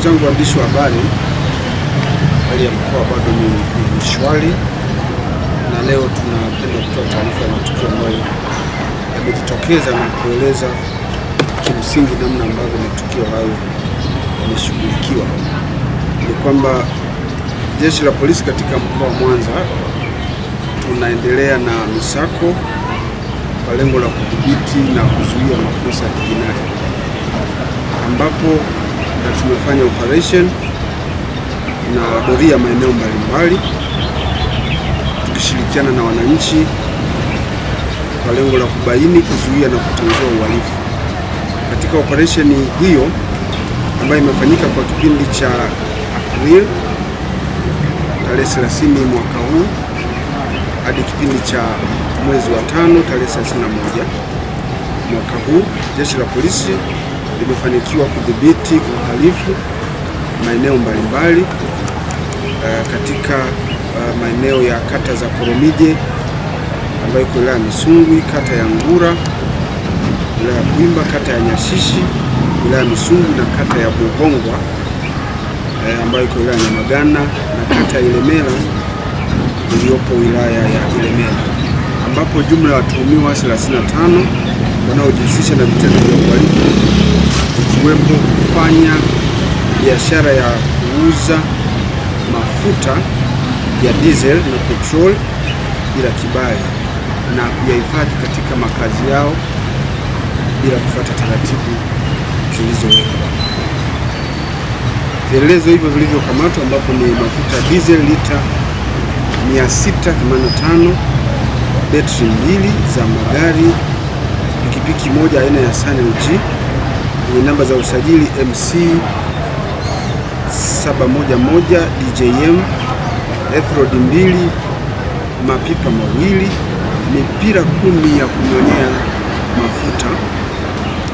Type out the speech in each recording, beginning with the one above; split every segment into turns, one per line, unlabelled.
Ndugu zangu waandishi wa habari, hali ya mkoa bado ni, ni shwari, na leo tunapenda kutoa taarifa ya matukio ambayo yamejitokeza na kueleza kimsingi namna ambavyo matukio hayo yameshughulikiwa. Ni kwamba jeshi la polisi katika mkoa wa Mwanza tunaendelea na misako kwa lengo la kudhibiti na kuzuia makosa ya kijinai ambapo na tumefanya operation na doria maeneo mbalimbali tukishirikiana na wananchi kwa lengo la kubaini, kuzuia na kutanzua uhalifu. Katika operesheni hiyo ambayo imefanyika kwa kipindi cha Aprili tarehe 30 mwaka huu hadi kipindi cha mwezi wa tano tarehe 31 mwaka huu, jeshi la polisi limefanikiwa kudhibiti uhalifu maeneo mbalimbali uh, katika uh, maeneo ya kata za Koromije ambayo iko wilaya ya Misungwi, kata ya Ngura, wilaya ya Kwimba, kata ya Nyashishi, wilaya ya Misungwi na kata ya Bugongwa uh, eh, ambayo iko wilaya ya Nyamagana na kata ya Ilemela iliyopo wilaya ya Ilemela ambapo jumla ya watuhumiwa 35 wanaojihusisha na vitendo vya uhalifu ikiwemo kufanya biashara ya kuuza mafuta ya diesel na petrol bila kibali na kuyahifadhi katika makazi yao bila kufuata taratibu zilizowekwa. Vielelezo hivyo vilivyokamatwa ambapo ni mafuta diesel lita 685, betri mbili za magari, pikipiki moja aina ya g yenye namba za usajili MC 711 DJM, Ethrod 2 mapipa mawili, mipira kumi ya kunyonyea mafuta,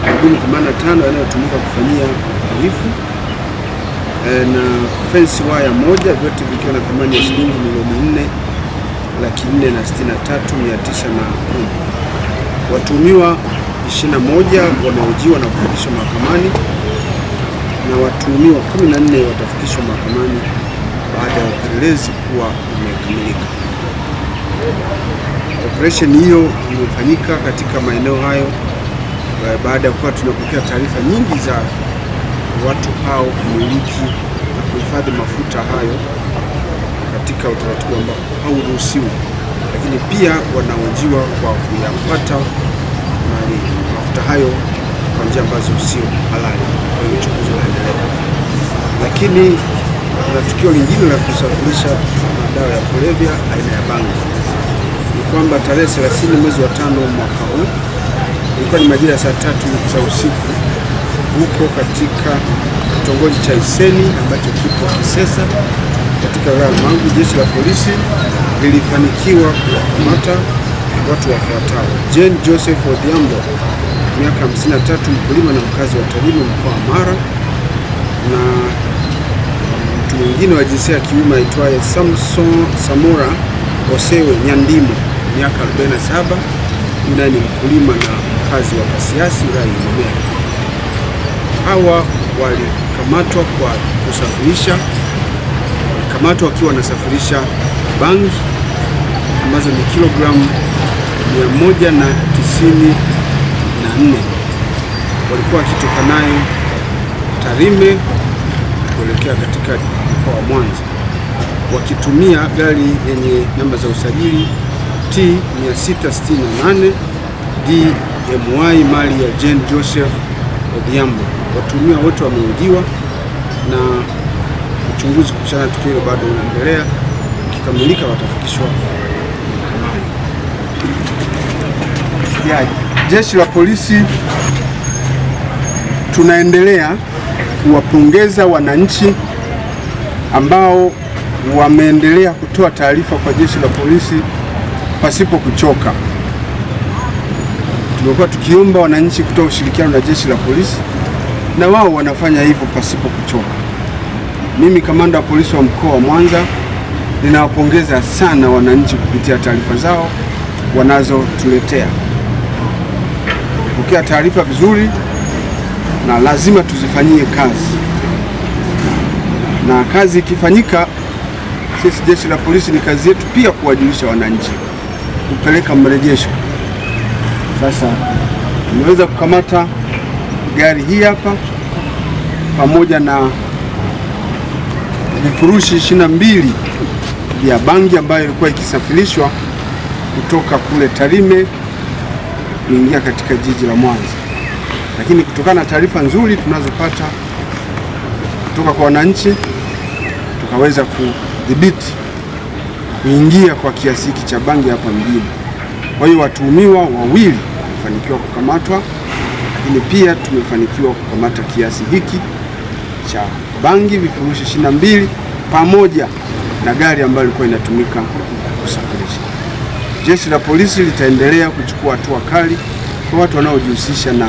madumu 85 yanayotumika kufanyia uhalifu e, na fence wire moja, vyote vikiwa na thamani ya shilingi milioni nne laki nne na sitini na tatu mia tisa na kumi. Watumiwa 21 wamehojiwa na kufikishwa mahakamani na watuhumiwa 14 watafikishwa mahakamani baada ya upelelezi kuwa umekamilika. Operesheni hiyo imefanyika katika maeneo hayo eh, baada ya kuwa tunapokea taarifa nyingi za watu hao kumiliki na kuhifadhi mafuta hayo katika utaratibu ambao hauruhusiwi, lakini pia wanaojiwa kwa kuyapata mafuta hayo kwa njia ambazo sio halali, kwa hiyo uchunguzi unaendelea. Lakini kuna tukio lingine la kusafirisha madawa ya kulevya aina ya bangi, ni kwamba tarehe 30 mwezi wa tano mwaka huu ilikuwa ni majira ya saa tatu za usiku huko katika kitongoji cha Iseni ambacho kipo Kisesa katika wilaya Mangu, jeshi la polisi lilifanikiwa kuwakamata watu wafuatao: Jane Joseph Odhiambo, miaka 53, mkulima na mkazi wa Tarime mkoa wa Mara, na mtu mwingine wa jinsia ya kiume aitwaye Samson Samora Osewe Nyandimo, miaka 47, naye ni mkulima na mkazi wa Kasiasi wilaya ya Hawa walikamatwa kwa kusafirisha, walikamatwa wakiwa wanasafirisha bangi ambazo ni kilogramu 194 walikuwa wakitoka nayo Tarime kuelekea katika mkoa wa Mwanza wakitumia gari yenye namba za usajili T 668 DMY mali ya Jane Joseph Odhiambo. Watumia wote wameujiwa na uchunguzi kuhusiana na tukio hilo bado unaendelea, ukikamilika watafikishwa ufuatiliaji. Jeshi la Polisi tunaendelea kuwapongeza wananchi ambao wameendelea kutoa taarifa kwa jeshi la polisi pasipo kuchoka. Tumekuwa tukiomba wananchi kutoa ushirikiano na jeshi la polisi na wao wanafanya hivyo pasipo kuchoka. Mimi kamanda wa polisi wa mkoa wa Mwanza ninawapongeza sana wananchi kupitia taarifa zao wanazotuletea tumepokea taarifa vizuri na lazima tuzifanyie kazi, na kazi ikifanyika, sisi jeshi la polisi ni kazi yetu pia kuwajulisha wananchi, kupeleka mrejesho. Sasa tumeweza kukamata gari hii hapa pamoja na vifurushi ishirini na mbili vya bangi ambayo ilikuwa ikisafirishwa kutoka kule Tarime kuingia katika jiji la Mwanza, lakini kutokana na taarifa nzuri tunazopata kutoka kwa wananchi tukaweza kudhibiti kuingia kwa kiasi hiki cha bangi hapa mjini. Kwa hiyo watuhumiwa wawili wamefanikiwa kukamatwa, lakini pia tumefanikiwa kukamata kiasi hiki cha bangi vifurushi 22 pamoja na gari ambayo ilikuwa inatumika kusafirisha. Jeshi la Polisi litaendelea kuchukua hatua kali kwa watu wanaojihusisha na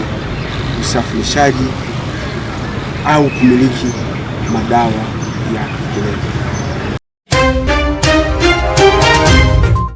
usafirishaji au kumiliki madawa ya kulevya.